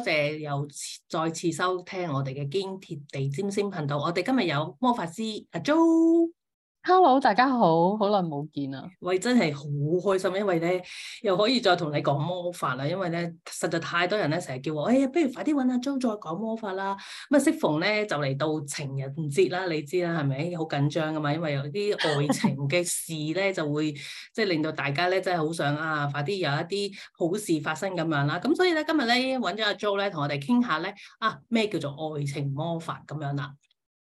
多謝又再次收聽我哋嘅堅貼地占星頻道。我哋今日有魔法師阿 Jo。hello，大家好，好耐冇見啦喂！我真係好開心，因為咧又可以再同你講魔法啦，因為咧實在太多人咧成日叫我，哎呀，不如快啲揾阿 Jo 再講魔法啦。咁啊，適逢咧就嚟到情人節啦，你知啦係咪？好緊張噶嘛，因為有啲愛情嘅事咧 就會即係令到大家咧真係好想啊，快啲有一啲好事發生咁樣啦。咁所以咧今日咧揾咗阿 Jo 咧同我哋傾下咧啊咩叫做愛情魔法咁樣啦。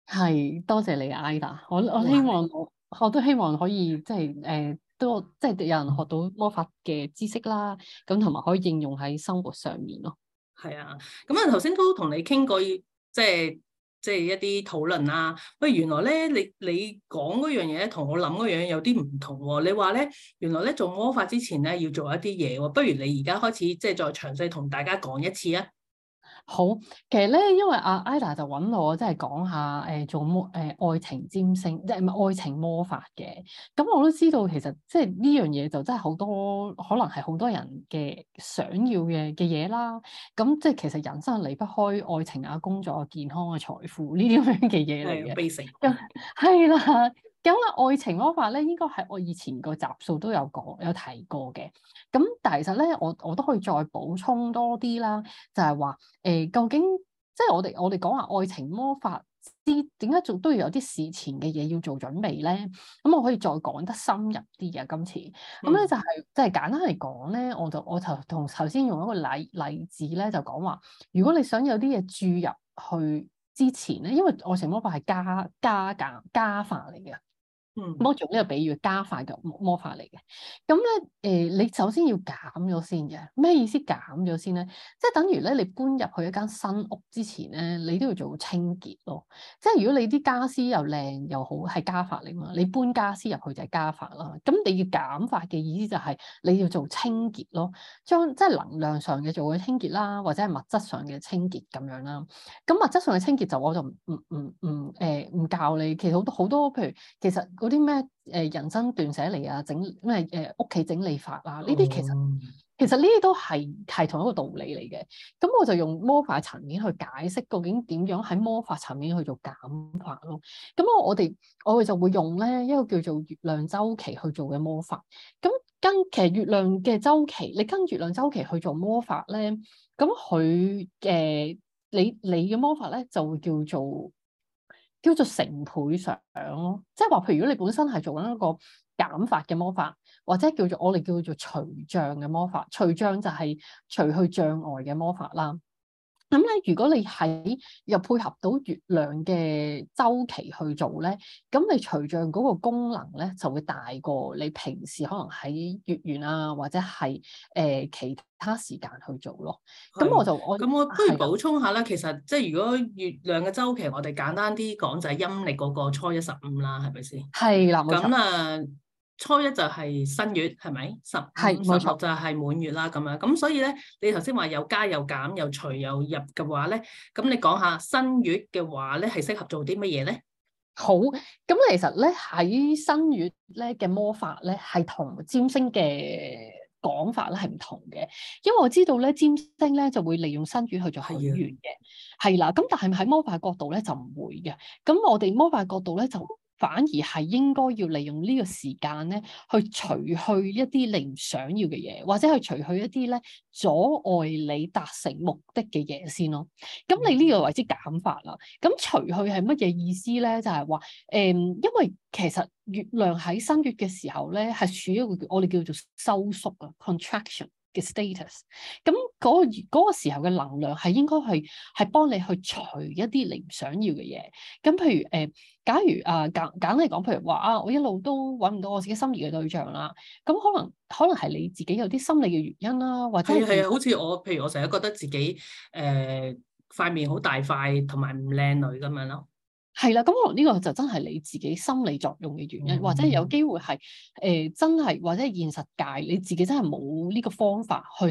係，多謝你，Ida。我我希望我我都希望可以即係誒、呃，都即係有人學到魔法嘅知識啦，咁同埋可以應用喺生活上面咯。係啊，咁啊，頭先都同你傾過，即係即係一啲討論啊。喂、啊，原來咧，你你講嗰樣嘢同我諗嗰樣有啲唔同。你話咧，原來咧做魔法之前咧要做一啲嘢，啊。不如你而家開始即係再詳細同大家講一次啊！好，其實咧，因為阿 Ada 就揾我，即係講下，誒、欸，做魔，誒、欸，愛情占星，即係咪愛情魔法嘅？咁我都知道，其實即係呢樣嘢就真係好多，可能係好多人嘅想要嘅嘅嘢啦。咁即係其實人生係離不開愛情啊、工作啊、健康啊、財富呢啲咁樣嘅嘢嚟嘅。兩係啦。咁啊，愛情魔法咧，應該係我以前個集數都有講、有提過嘅。咁但係其實咧，我我都可以再補充多啲啦。就係、是、話，誒、欸、究竟即係我哋我哋講話愛情魔法之點解仲都要有啲事前嘅嘢要做準備咧？咁我可以再講得深入啲嘅。今次咁咧就係即係簡單嚟講咧，我就我頭同頭先用一個例例子咧，就講話如果你想有啲嘢注入去之前咧，因為愛情魔法係加加減加法嚟嘅。嗯，魔咒，呢個比喻，加法嘅魔法嚟嘅，咁咧，誒，你首先要減咗先嘅，咩意思減咗先咧？即係等於咧，你搬入去一間新屋之前咧，你都要做清潔咯。即係如果你啲家私又靚又好，係加法嚟嘛，你搬家私入去就係加法啦。咁你要減法嘅意思就係你要做清潔咯，將即係能量上嘅做嘅清潔啦，或者係物質上嘅清潔咁樣啦。咁物質上嘅清潔就我就唔唔唔唔誒唔教你，其實好多好多譬如其實。嗰啲咩誒人生斷捨離啊，整咩誒屋企整理法啊，呢啲其實其實呢啲都係係同一個道理嚟嘅。咁我就用魔法層面去解釋，究竟點樣喺魔法層面去做減法咯。咁我哋我哋就會用咧一個叫做月亮周期去做嘅魔法。咁跟其實月亮嘅周期，你跟月亮周期去做魔法咧，咁佢誒你你嘅魔法咧就會叫做～叫做成倍上咯，即係話，譬如如果你本身係做緊一個減法嘅魔法，或者叫做我哋叫做除障嘅魔法，除障就係除去障礙嘅魔法啦。咁咧、嗯，如果你喺又配合到月亮嘅周期去做咧，咁你隨著嗰個功能咧就會大過你平時可能喺月圓啊，或者係誒、呃、其他時間去做咯。咁我就的我咁，我不如補充下啦。的其實即係如果月亮嘅周期，我哋簡單啲講就係陰曆嗰個初一十五啦，係咪先？係啦，咁啊。那初一就係新月，係咪？十係十六就係滿月啦，咁樣冇錯。咁所以咧，你頭先話又加又減，又除又入嘅話咧，咁你講下新月嘅話咧，係適合做啲乜嘢咧？好，咁其實咧喺新月咧嘅魔法咧係同占星嘅講法咧係唔同嘅，因為我知道咧占星咧就會利用新月去做祈願嘅，係啦的。咁但係喺魔法角度咧就唔會嘅。咁我哋魔法角度咧就。反而係應該要利用呢個時間咧，去除去一啲你唔想要嘅嘢，或者去除去一啲咧阻礙你達成目的嘅嘢先咯。咁你呢個為之減法啦。咁除去係乜嘢意思咧？就係話誒，因為其實月亮喺新月嘅時候咧，係處於一個我哋叫做收縮啊 （contraction）。Cont 嘅 status，咁嗰個嗰個時候嘅能量係應該係係幫你去除一啲你唔想要嘅嘢。咁譬如誒，假如啊，簡簡單嚟講，譬如話啊，我一路都揾唔到我自己心儀嘅對象啦。咁可能可能係你自己有啲心理嘅原因啦，或者係好似我，譬如我成日覺得自己誒塊面好大塊，同埋唔靚女咁樣咯。係啦，咁可能呢個就真係你自己心理作用嘅原因，嗯、或者有機會係誒、呃、真係，或者係現實界你自己真係冇呢個方法去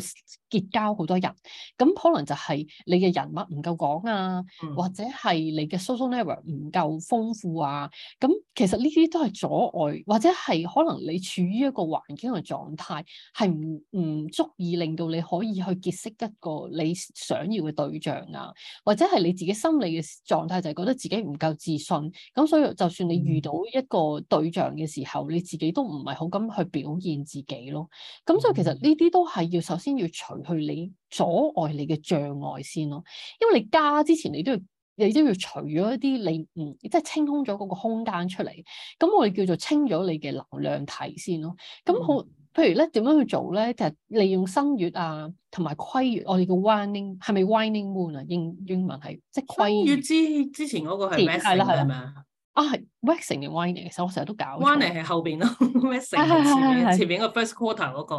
結交好多人，咁可能就係你嘅人物唔夠廣啊，嗯、或夠啊，或者係你嘅 social network 唔夠豐富啊，咁其實呢啲都係阻礙，或者係可能你處於一個環境嘅狀態係唔唔足以令到你可以去結識一個你想要嘅對象啊，或者係你自己心理嘅狀態就係覺得自己唔夠。自信咁，所以就算你遇到一個對象嘅時候，你自己都唔係好敢去表現自己咯。咁所以其實呢啲都係要首先要除去你阻礙你嘅障礙先咯。因為你加之前你，你都要你都要除咗一啲你唔即係清空咗嗰個空間出嚟。咁我哋叫做清咗你嘅能量體先咯。咁好。嗯譬如咧，點樣去做咧？就係利用新月啊，同埋虧月，我哋叫 waning 係咪 waning moon 啊？英英文係即係虧月，月之之前嗰個係 waxing 係咪啊？啊，waxing 嘅 waning 其實我成日都搞 waning 係後邊咯，waxing 係前面，前面個 first quarter 嗰個。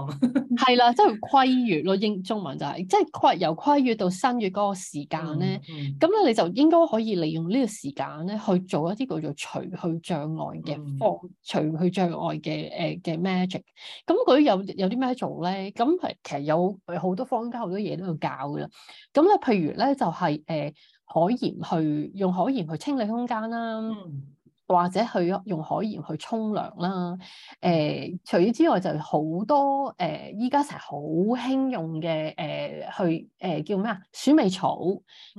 係啦，即係虧月咯，英中文就係、是，即係虧由虧月到新月嗰個時間咧，咁咧、嗯嗯、你就應該可以利用呢個時間咧去做一啲叫做除去障礙嘅方，嗯、除去障礙嘅誒嘅 magic。咁佢有有啲咩做咧？咁其實有好多方家好多嘢都要教噶。咁咧，譬如咧就係、是、誒。呃呃呃海鹽去用海鹽去清理空間啦，嗯、或者去用海鹽去沖涼啦。誒、呃，除此之外就好多誒，依家成日好興用嘅誒，去、呃、誒、呃、叫咩啊？鼠尾草，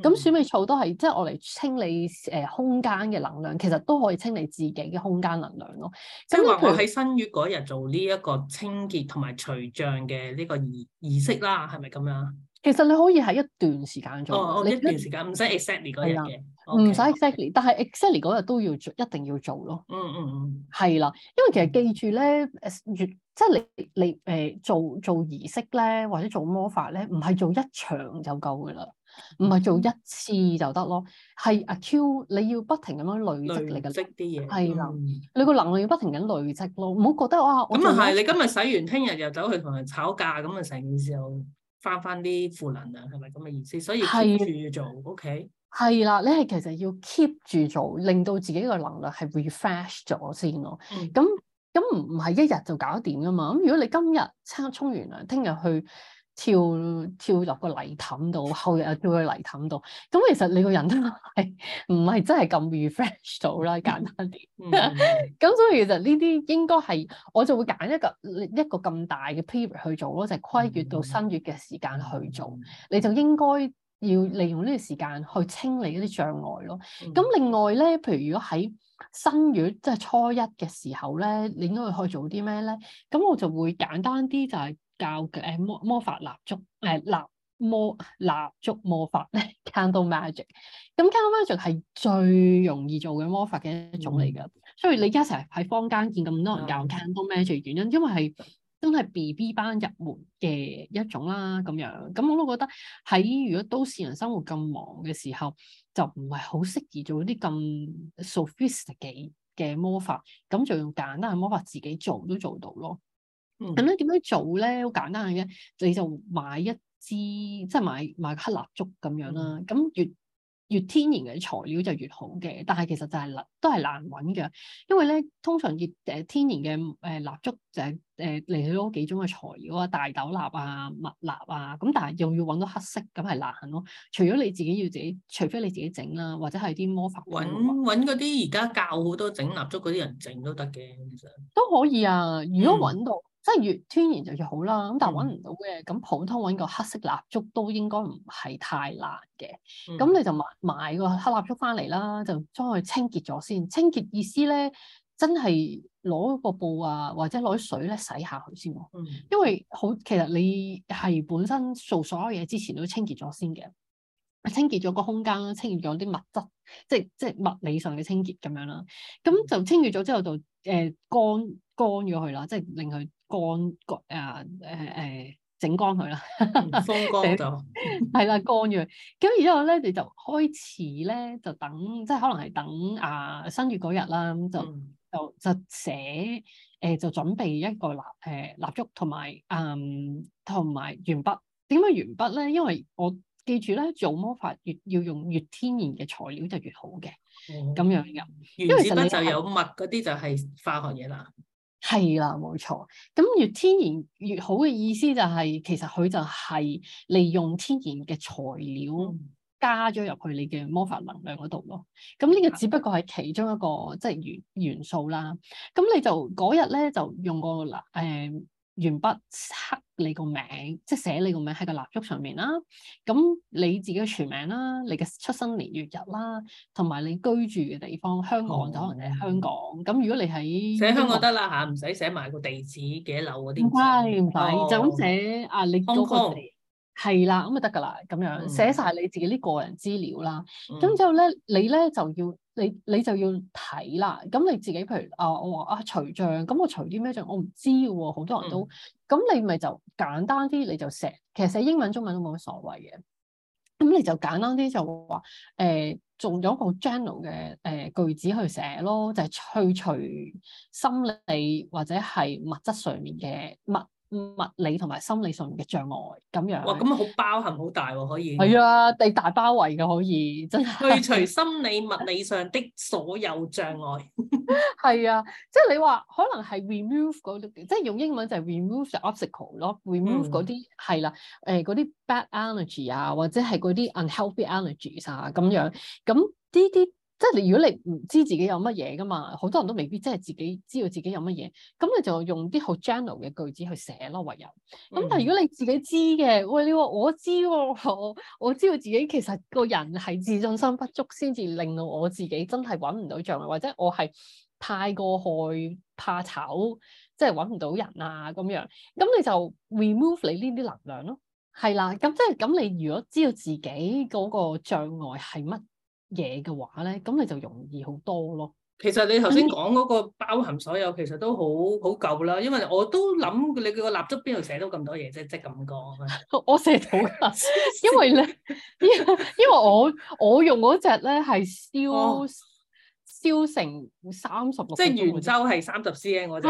咁鼠尾草都係即係我嚟清理誒空間嘅能量，其實都可以清理自己嘅空間能量咯。即係話我喺新月嗰日做呢一個清潔同埋除障嘅呢個儀儀式啦，係咪咁樣？其實你可以喺一段時間做，你一段時間唔使 exactly 嗰日嘅，唔使 exactly，但係 exactly 嗰日都要做，一定要做咯。嗯嗯嗯，係啦，因為其實記住咧，越即係你你誒做做儀式咧，或者做魔法咧，唔係做一場就夠噶啦，唔係做一次就得咯，係阿 Q，你要不停咁樣累積你嘅積啲嘢，係啦，你個能量要不停咁累積咯，唔好覺得哇。咁啊係，你今日洗完，聽日又走去同人吵架，咁啊成件事翻翻啲負能量係咪咁嘅意思？所以 keep 住做的，OK？係啦，你係其實要 keep 住做，令到自己個能量係 refresh 咗先咯。咁咁唔係一日就搞掂噶嘛？咁如果你今日差沖完涼，聽日去，跳跳落個泥凼度，後日又跳去泥凼度，咁其實你個人都係唔係真係咁 refresh 到啦？簡單啲，咁所以其實呢啲應該係我就會揀一個一個咁大嘅 period 去做咯，就係跨越到新月嘅時間去做，嗯嗯、你就應該要利用呢個時間去清理一啲障礙咯。咁、嗯嗯、另外咧，譬如如果喺新月即係、就是、初一嘅時候咧，你應該會去做啲咩咧？咁我就會簡單啲就係、是。教嘅誒魔魔法蠟燭誒、哎、蠟魔蠟燭魔法咧 ，candle magic。咁 candle magic 係最容易做嘅魔法嘅一種嚟嘅。嗯、所以你而家喺坊間見咁多人教 candle magic，原因因為係都係 B B 班入門嘅一種啦，咁樣。咁我都覺得喺如果都市人生活咁忙嘅時候，就唔係好適宜做啲咁 sophistic 嘅魔法，咁就用簡單嘅魔法自己做都做到咯。咁咧點樣做咧？好簡單嘅，啫，你就買一支，即係買買黑蠟燭咁樣啦。咁、嗯、越越天然嘅材料就越好嘅，但係其實就係、是、都係難揾嘅。因為咧，通常要誒、呃、天然嘅誒蠟燭就係誒嚟到幾種嘅材料啊，大豆蠟啊、蜜蠟啊，咁但係又要揾到黑色，咁係難咯。除咗你自己要自己，除非你自己整啦，或者係啲魔法。揾揾嗰啲而家教好多整蠟燭嗰啲人整都得嘅，其實都可以啊。如果揾到、嗯。即係越天然就越好啦，咁但係揾唔到嘅，咁、嗯、普通揾個黑色蠟燭都應該唔係太難嘅，咁、嗯、你就買買個黑蠟燭翻嚟啦，就將佢清潔咗先。清潔意思咧，真係攞個布啊，或者攞啲水咧洗下佢先。嗯、因為好，其實你係本身做所有嘢之前都清潔咗先嘅，清潔咗個空間啦，清潔咗啲物質，即係即係物理上嘅清潔咁樣啦。咁就清潔咗之後就誒、呃、乾乾咗佢啦，即係令佢。乾乾啊！誒誒，整乾佢啦，風乾就係啦，乾咗。 咁然之後咧，你就開始咧，就等，即係可能係等啊、呃，新月嗰日啦。咁就、嗯、就就寫誒、呃，就準備一個蠟誒蠟燭，同、呃、埋嗯，同埋鉛筆。點解鉛筆咧？因為我記住咧，做魔法越要用越天然嘅材料就越好嘅。咁、嗯、樣嘅鉛筆就有墨，嗰啲就係化學嘢啦。嗯嗯係啦，冇錯。咁越天然越好嘅意思就係、是，其實佢就係利用天然嘅材料加咗入去你嘅魔法能量嗰度咯。咁呢個只不過係其中一個即係元元素啦。咁你就嗰日咧就用過、那個嗱誒。呃鉛筆刻你個名，即係寫你個名喺個蠟燭上面啦。咁你自己嘅全名啦，你嘅出生年月日啦，同埋你居住嘅地方，香港就可能係香港。咁、哦、如果你喺寫香港得啦嚇，唔使寫埋個地址幾多樓嗰啲。唔係唔係，哦、就咁寫、哦、啊你嗰係啦，咁咪得噶啦，咁樣寫晒你自己啲個人資料啦。咁之、嗯、後咧，你咧就要你你就要睇啦。咁你自己譬如啊，我話啊除障，咁我除啲咩障？我唔知嘅喎，好多人都咁、嗯、你咪就簡單啲，你就寫，其實寫英文、中文都冇乜所謂嘅。咁你就簡單啲就話，誒、呃，用咗個 general 嘅誒句子去寫咯，就係、是、去除心理或者係物質上面嘅物。物理同埋心理上面嘅障礙咁樣，哇！咁好包含好大喎、哦，可以係啊，地大包圍嘅可以，真係去除心理物理上的所有障礙，係 啊，即係你話可能係 remove 嗰啲，即係用英文就係 remove the obstacle 咯，remove 嗰啲係啦，誒嗰啲 bad energy 啊，或者係嗰啲 unhealthy energies 啊咁樣，咁呢啲。即係你，如果你唔知自己有乜嘢㗎嘛，好多人都未必真係自己知道自己有乜嘢，咁你就用啲好 general 嘅句子去寫咯，唯有咁。但係如果你自己知嘅，喂，你話我知、哦，我我知道自己其實個人係自信心不足，先至令到我自己真係揾唔到障礙，或者我係太過害怕醜，即係揾唔到人啊咁樣。咁你就 remove 你呢啲能量咯，係啦。咁即係咁，你如果知道自己嗰個障礙係乜嘢嘅話咧，咁你就容易好多咯。其實你頭先講嗰個包含所有，其實都好好夠啦。因為我都諗你個蠟燭邊度寫到咁多嘢啫，即係咁講。 我寫到㗎，因為咧，因為我我用嗰隻咧係燒、哦、燒成三十六，即係圓周係三十 cm 嗰隻。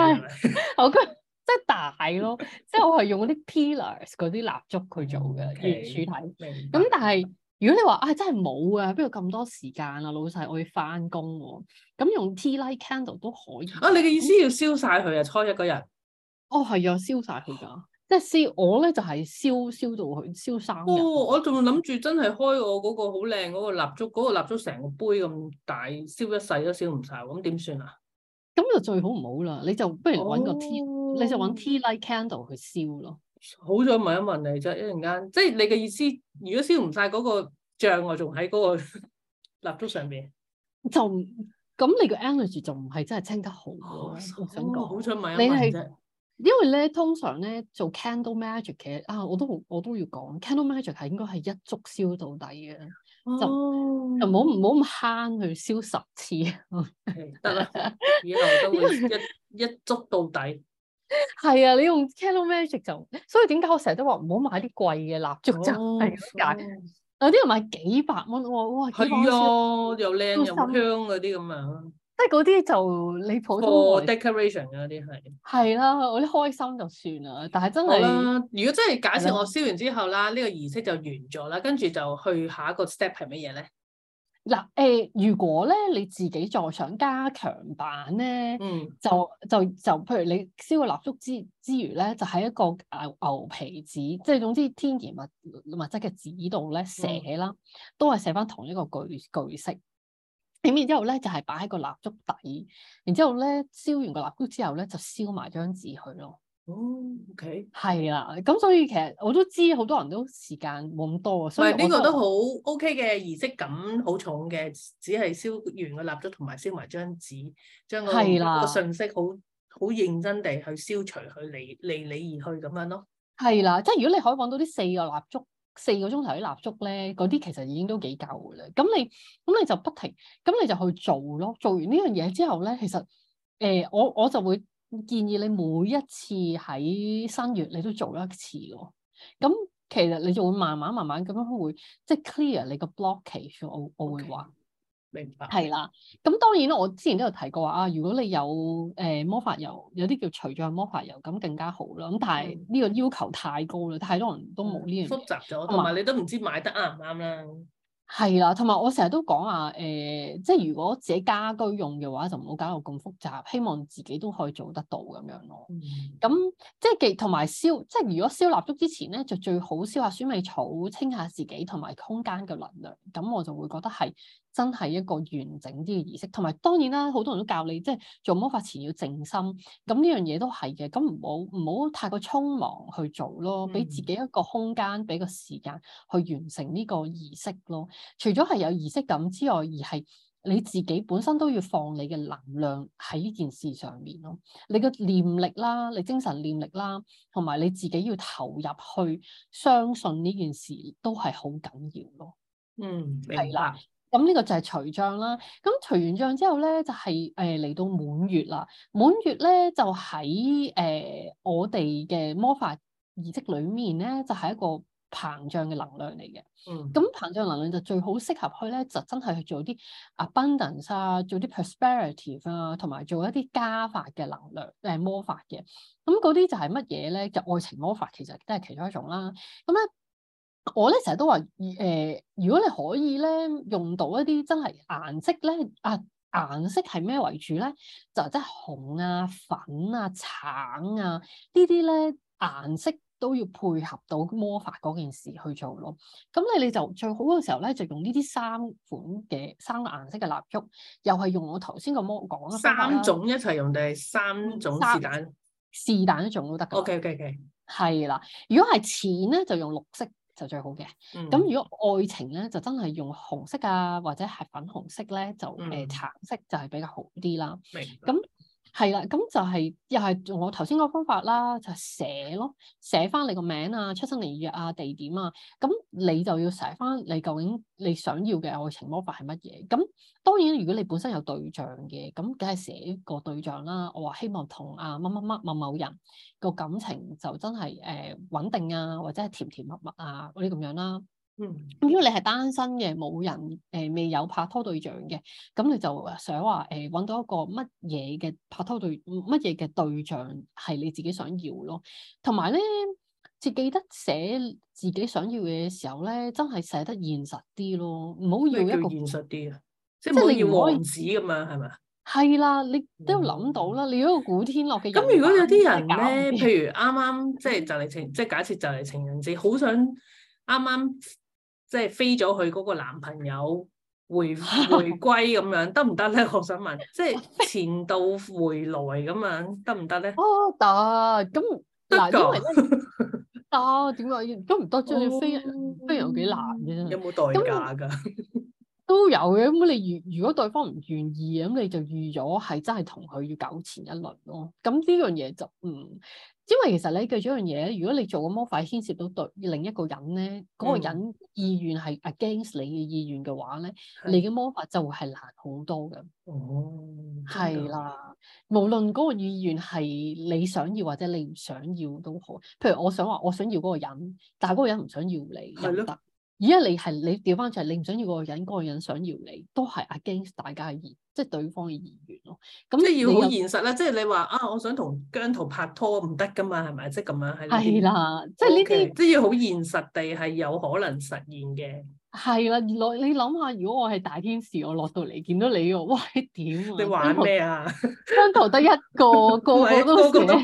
我覺得即係大咯，即係我係用嗰啲 pillars 嗰啲蠟燭去做嘅圓 Okay, 柱體。咁白但係。如果你話啊、哎、真係冇啊，邊度咁多時間啊，老細我要翻工喎，咁用 Tea Light Candle 都可以啊。啊你嘅意思要燒晒佢啊，初一嗰日？哦係啊，燒晒佢噶，即係燒我咧就係燒燒到去燒生。哦，我仲諗住真係開我嗰個好靚嗰個蠟燭，嗰個蠟燭成個杯咁大，燒一世都燒唔晒，咁點算啊？咁就最好唔好啦，你就不如揾個 Tea，、哦、你就揾 Tea Light Candle 去燒咯。好想問一問你啫，一陣間，即係你嘅意思，如果燒唔晒嗰個障礙，仲喺嗰個蠟燭上邊，就咁你個 energy 就唔係真係清得好。我、哦、想講，你係因為咧，通常咧做 candle magic 嘅啊，我都我都要講 candle magic 係應該係一燭燒到底嘅，哦、就唔好唔好咁慳去燒十次，得 啦，以後都會一因為 一燭到底。係 啊，你用 candle magic 就，所以點解我成日都話唔好買啲貴嘅蠟燭就係咁解。有啲人買幾百蚊，我話哇，係咯，又靚又香嗰啲咁樣。即係嗰啲就你普通，個 For decoration 嗰啲係。係啦，啊，我啲開心就算啦，但係真係。如果真係假設我燒完之後啦，呢，啊，個儀式就完咗啦，跟住就去下一個 step 係乜嘢咧？嗱，誒，如果咧你自己再想加強版咧、嗯，就就就，譬如你燒個蠟燭之之餘咧，就喺一個牛牛皮紙，即係總之天然物物質嘅紙度咧寫啦，嗯、都係寫翻同一個句句式。咁然之後咧就係擺喺個蠟燭底，然之後咧燒完個蠟燭之後咧就燒埋張紙佢咯。哦、oh，OK，係啦，咁所以其實我都知好多人都時間冇咁多，是所以呢個都好 OK 嘅儀式感好重嘅，只係燒完，蠟燭燒完、那個蠟燭同埋燒埋張紙，將的個個信息好好認真地去消除，去離離你而去咁樣咯。係啦，即係如果你可以講到啲四個蠟燭，四個鐘頭啲蠟燭咧，嗰啲其實已經都幾夠嘅啦。咁你咁你就不停，咁你就去做咯。做完呢樣嘢之後咧，其實誒、呃，我我，我就會。建議你每一次喺新月你都做一次咯，咁其實你就會慢慢慢慢咁樣會即係 clear 你個 blockage，我我會話，okay. 明白。係啦，咁當然啦，我之前都有提過話啊，如果你有誒、呃、魔法油，有啲叫除障魔法油，咁更加好啦。咁但係呢個要求太高啦，嗯、太多人都冇呢樣。複雜咗，同埋 你都唔知買得啱唔啱啦。係啦，同埋我成日都講話，誒、呃，即係如果自己家居用嘅話，就唔好搞到咁複雜，希望自己都可以做得到咁樣咯。咁即係同埋燒，即係如果燒蠟燭之前咧，就最好燒下鼠尾草，清下自己同埋空間嘅能量。咁我就會覺得係。真係一個完整啲嘅儀式，同埋當然啦，好多人都教你即係做魔法前要靜心，咁呢樣嘢都係嘅。咁唔好唔好太過匆忙去做咯，俾自己一個空間，俾個時間去完成呢個儀式咯。除咗係有儀式感之外，而係你自己本身都要放你嘅能量喺呢件事上面咯，你嘅念力啦，你精神念力啦，同埋你自己要投入去相信呢件事都係好緊要咯。嗯，明白。係啦，咁呢個就係除帳啦。咁除完帳之後咧，就係誒嚟到滿月啦。滿月咧就喺誒、呃、我哋嘅魔法儀式裏面咧，就係、是、一個膨脹嘅能量嚟嘅。嗯。咁膨脹能量就最好適合去咧，就真係去做啲 abundance 啊，做啲 prosperity 啊，同埋做一啲加法嘅能量誒、呃、魔法嘅。咁嗰啲就係乜嘢咧？就愛情魔法其實都係其中一種啦。咁咧。我咧成日都話，誒、呃，如果你可以咧用到一啲真係顏色咧，啊，顏色係咩為主咧？就即係紅啊、粉啊、橙啊呢啲咧顏色都要配合到魔法嗰件事去做咯。咁你你就最好嘅時候咧，就用呢啲三款嘅三個顏色嘅蠟燭，又係用我頭先嘅魔講嘅三種一齊用定係三種是但？是但一種都得㗎。OK OK OK，係啦，如果係淺咧，就用綠色。就最好嘅，咁、嗯、如果愛情咧，就真係用紅色啊，或者係粉紅色咧，就誒、嗯、橙色就係比較好啲啦。明白。咁。係啦，咁就係、是、又係我頭先個方法啦，就係寫、是、咯，寫翻你個名啊、出生年月啊、地點啊，咁你就要寫翻你究竟你想要嘅愛情魔法係乜嘢？咁當然如果你本身有對象嘅，咁梗係寫個對象啦。我話希望同啊乜乜乜某某人個感情就真係誒穩定啊，或者係甜甜蜜蜜啊嗰啲咁樣啦。嗯，如果你係單身嘅，冇人誒未有拍拖對象嘅，咁你就想話誒搵到一個乜嘢嘅拍拖對乜嘢嘅對象係你自己想要咯，同埋咧，切記得寫自己想要嘅時候咧，真係寫得現實啲咯，唔好要一個現實啲啊，即係你要王子咁嘛，係咪啊？係啦，你都要諗到啦，你一個古天樂嘅。咁如果有啲人咧，譬如啱啱即係就嚟情，即係假設就嚟情人節，好想啱啱。即係飛咗佢嗰個男朋友回歸回歸咁樣得唔得咧？我想問，即係前度回來咁樣得唔得咧？哦，得，咁嗱，因為得點解？都唔得？將要、哦、飛飛有幾難嘅、嗯嗯、有冇代價噶、嗯？都有嘅咁，你如如果對方唔願意咁，你就預咗係真係同佢要糾纏一輪咯。咁呢樣嘢就唔。嗯因為其實你記住一樣嘢咧，如果你做個魔法牽涉到對另一個人咧，嗰個人意願係 against 你嘅意願嘅話咧，嗯、你嘅魔法就會係難好多嘅。哦，係啦，無論嗰個意願係你想要或者你唔想要都好，譬如我想話我想要嗰個人，但係嗰個人唔想要你，又得。而家你係你調翻出嚟，你唔想要嗰個人，嗰、嗰個人想要你，都係 against 大家嘅意，即係對方嘅意願咯。咁你即要好現實咧，即係你話啊，我想同姜濤拍拖唔得噶嘛，係咪？即係咁樣喺呢啲。係啦，的 okay, 即係呢啲都要好現實地係有可能實現嘅。係啦，落你諗下，如果我係大天使，我落到嚟見到你喎，哇！你點、啊、你玩咩啊？ 姜濤得一個，個個都個個都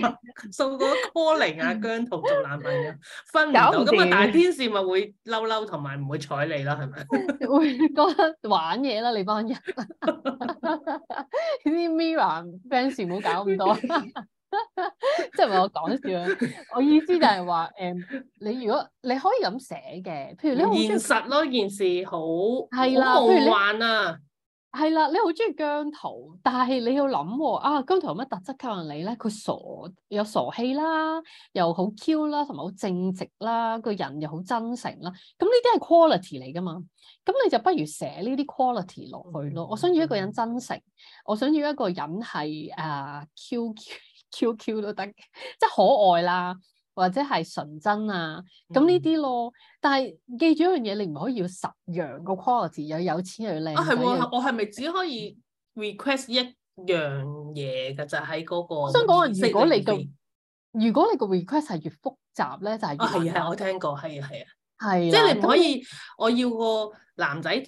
掃 個 calling 啊，姜濤做爛品啊，分唔到。咁啊，天大天使咪會嬲嬲，同埋唔會睬你啦，係咪？會覺得玩嘢啦，你班人。呢 啲 Mirror fans 唔好搞咁多。 即係唔係我講笑，我意思就係話，誒、um,，你如果你可以咁寫嘅，譬如你好現實咯，件事好係啦，夢幻啊，係啦，你好中意姜濤，但係你要諗、哦，啊，姜濤有乜特質吸引你咧？佢傻，有傻氣啦，又好 Q 啦，同埋好正直啦，個人又好真誠啦，咁呢啲係 quality 嚟噶嘛？咁你就不如寫呢啲 quality 落去咯。嗯、我想要一個人真誠，嗯、我想要一個人係誒 Q。啊啊啊 Q Q 都得，即係可愛啦，或者係純真啊，咁呢啲咯。嗯、但係記住一樣嘢，你唔可以要十樣個 quality，有有錢又要靚仔。啊係我係咪只可以 request 一樣嘢㗎？就喺、是、嗰個香港人如果你個如果你個 request 係越複雜咧，就係、是、越難。係啊，我聽過，係啊，係啊，係的。即係你唔可以，嗯、我要個男仔。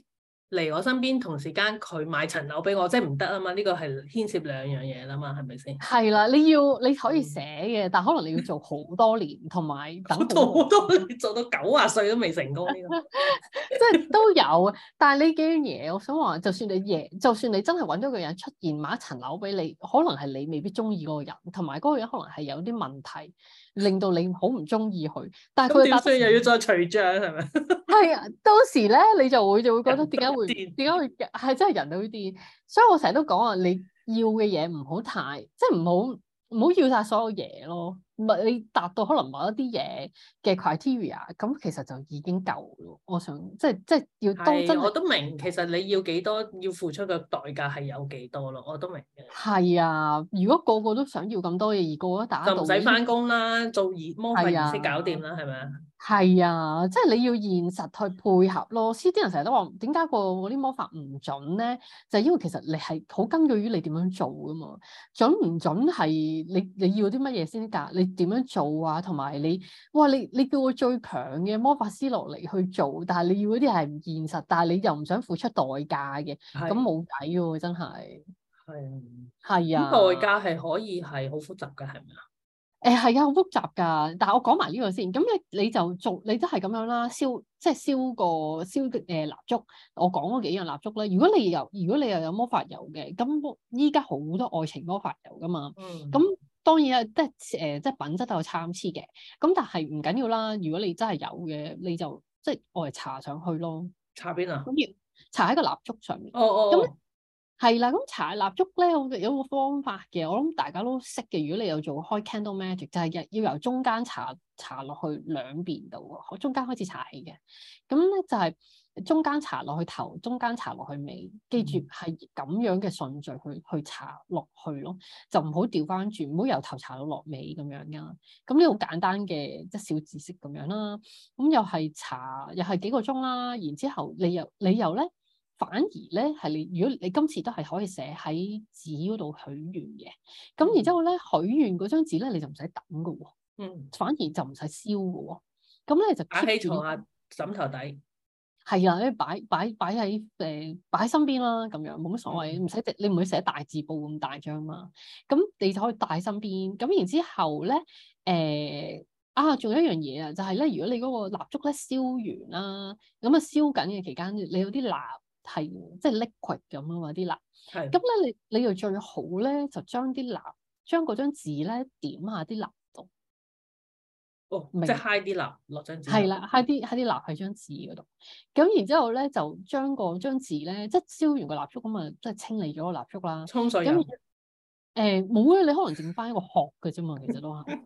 嚟我身邊同時間佢買層樓俾我，即係唔得啊嘛！呢、這個係牽涉兩樣嘢啦嘛，係咪先？係啦，你要你可以寫嘅，嗯、但可能你要做好多年，同埋 等到好多年 做到九啊歲都未成功，即 係 都有。但係呢幾樣嘢，我想話，就算你贏，就算你真係揾咗個人出現買一層樓俾你，可能係你未必中意嗰個人，同埋嗰個人可能係有啲問題。令到你好唔中意佢，但係佢點算，又要再除張，係咪？係 啊，到時咧你就會就會覺得點解會點解會係真係人都會變都，所以我成日都講啊，你要嘅嘢，唔好太即係唔好唔好要晒所有嘢咯。唔係你達到可能某一啲嘢嘅 criteria，咁其實就已經夠咯。我想即係即係要是都真係，我都明。其實你要幾多要付出嘅代價係有幾多咯，我都明嘅。係啊，如果個個都想要咁多嘢而個個都打到就唔使返工啦，該做模，魔法先搞掂啦，係咪啊？係啊，即係你要現實去配合咯。有啲人成日都話點解個嗰啲魔法唔準咧？就係因為其實你係好根據於你點樣做㗎嘛，準唔準係你你要啲乜嘢先㗎？你。你你點樣做啊？同埋你，哇！你你叫我最強嘅魔法師落嚟去做，但係你要嗰啲係唔現實，但係你又唔想付出代價嘅，咁冇計喎，真係。係。係啊。咁代價係可以係好複雜㗎，係咪啊？誒係啊，好複雜㗎。但係我講埋呢個先。咁你你就做，你都係咁樣啦，燒即係燒，燒個燒誒蠟燭。我講嗰幾樣蠟燭咧。如果你又如果你又有魔法油嘅，咁依家好多愛情魔法油㗎嘛。咁、嗯。當然啊，即係誒，即係品質都有參差嘅。咁但係唔緊要啦，如果你真係有嘅，你就即係我嚟搽上去咯。搽邊啊？咁要搽喺個蠟燭上面。哦，哦哦。咁係啦，咁、嗯、搽蠟燭咧，我有個方法嘅，我諗大家都識嘅。如果你有做開 candle magic，就係、是、要由中間搽搽落去兩邊度，中間開始搽起嘅。咁、嗯、咧就係、是。中間搽落去頭，中間搽落去尾，記住係咁樣嘅順序去去搽落去咯，就唔好掉翻轉，唔好由頭搽到落尾咁樣噶、啊。咁呢個簡單嘅一小知識咁樣啦、啊。咁又係搽，又係幾個鐘啦。然之後你又你又咧，反而咧係你，如果你今次都係可以寫喺紙嗰度許願嘅，咁然之後咧許願嗰張紙咧你就唔使等噶、嗯，嗯，反而、嗯、就唔使燒噶。咁咧就壓喺床枕頭底。係啊，你擺擺擺喺誒擺喺身邊啦，咁樣冇乜所謂，唔使、嗯、你唔會寫大字報咁大張嘛。咁你就可以帶喺身邊。咁然之後咧，誒、呃、啊，仲有一樣嘢啊，就係咧，如果你嗰個蠟燭咧燒完啦，咁啊燒緊嘅期間，你有啲蠟係即係 liquid 咁啊嘛，啲蠟。係的。咁咧，你你就最好咧，就將啲蠟，將嗰張紙咧點下啲蠟。哦，即係揩啲蠟落張紙，係啦，揩啲揩啲蠟喺張紙嗰度，咁然之後咧就將，那個張紙咧，即係燒完個蠟燭咁啊，即係清理咗個蠟燭啦。沖水飲。誒，冇、呃、啊，你可能剩翻一個殼嘅啫嘛，其實都係，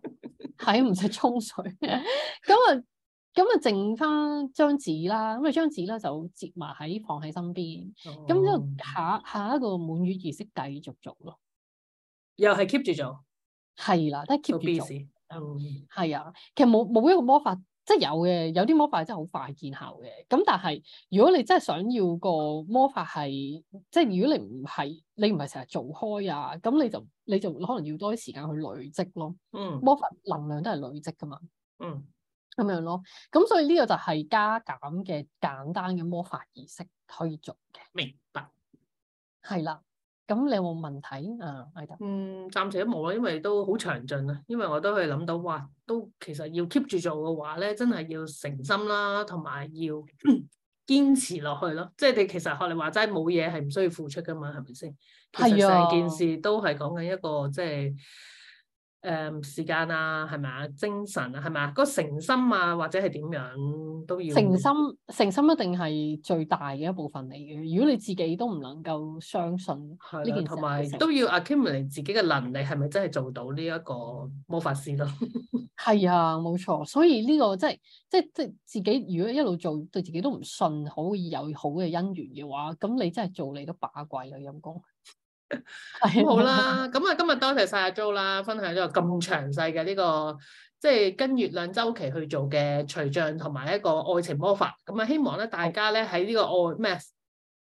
係唔使沖水。咁 啊，咁啊，剩翻張紙啦，咁啊，張紙咧就折埋喺放喺身邊，咁之、哦、下下一個滿月儀式繼續做咯。又係 keep 住做。係啦 的，都 keep 住做。 嗯，係啊，其實冇冇一個魔法，即係有嘅，有啲魔法真係好快見效嘅。咁但係如果你真係想要個魔法係，即係如果你唔係你唔係成日做開啊，咁你就你就可能要多啲時間去累積咯。嗯，魔法能量都係累積噶嘛。嗯，咁樣咯。咁所以呢個就係加減嘅簡單嘅魔法儀式可以做嘅。明白。係啦。咁你有冇問題？Uh, right. 嗯，係度。嗯，暫時都冇咯，因為都好詳盡啦。因為我都係諗到，哇，都其實要 keep 住做嘅話咧，真係要誠心啦，同埋要堅 持落去咯。即係你其實學你話齋，冇嘢係唔需要付出噶嘛，係咪先？其實成件事都係講緊一個、啊、即係。誒，um, 時間啊，係咪啊？精神啊，係咪啊？嗰個誠心啊，或者係點樣都要誠心，誠心一定係最大嘅一部分嚟嘅。如果你自己都唔能夠相信呢、嗯、件事有，同埋都要 accumulate 自己嘅能力係咪真係做到呢一個魔法事師咯？係 啊，冇錯。所以呢、呢個即係即係即係自己，如果一路做對自己都唔信好，可以有好嘅姻緣嘅話，咁你真係做你都把鬼有陰功。好啦，咁啊今日多謝晒阿 Jo 啦，分享咗咁詳細嘅呢個，即係跟月亮周期去做嘅除障同埋一個愛情魔法。咁啊，希望咧大家咧喺呢個愛咩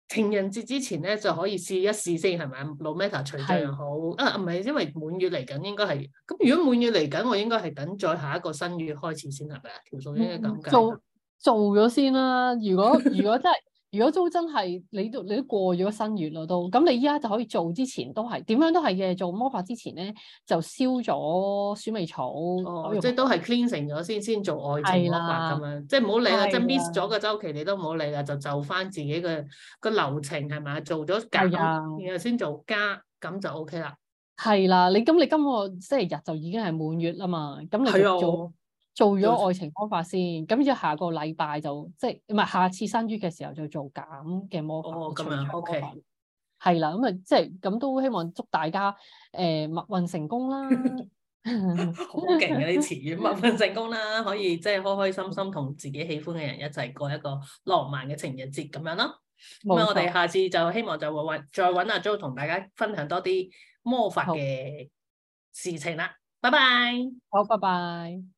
情人節之前咧就可以試一試先，係咪？老 Meta 除障又好，是啊唔係，因為滿月嚟緊，應該係咁。如果滿月嚟緊，我應該係等再下一個新月開始先，係咪啊？條數應該咁計。做做咗先啦，如果如果真係。如果都真係你都你都過咗新月啦都，咁你依家就可以做，之前都係點樣都係嘅做魔法之前咧就燒咗鼠尾草，哦、用即係都係 cleaning 咗先先做愛情魔法咁的樣，即係唔好理啦，的即係 miss 咗個周期你都唔好理啦，就就翻自己嘅個流程係咪？做咗減然後先做加，咁的就 OK 啦。係啦，你咁你今個星期日就已經係滿月啦嘛，咁你做。做咗愛情魔法先，咁就下個禮拜就即係唔係下次新月嘅時候就做減嘅魔法哦，咁樣 O K 係啦，咁啊 Okay. 即係咁都希望祝大家誒密運成功啦，好勁 啊！呢次密運成功啦，可以即係開開心心同自己喜歡嘅人一齊過一個浪漫嘅情人節咁樣啦。咁錯我哋下次就希望就搵再搵阿 Jo 同大家分享多啲魔法嘅事情啦。拜拜，好，拜拜 bye。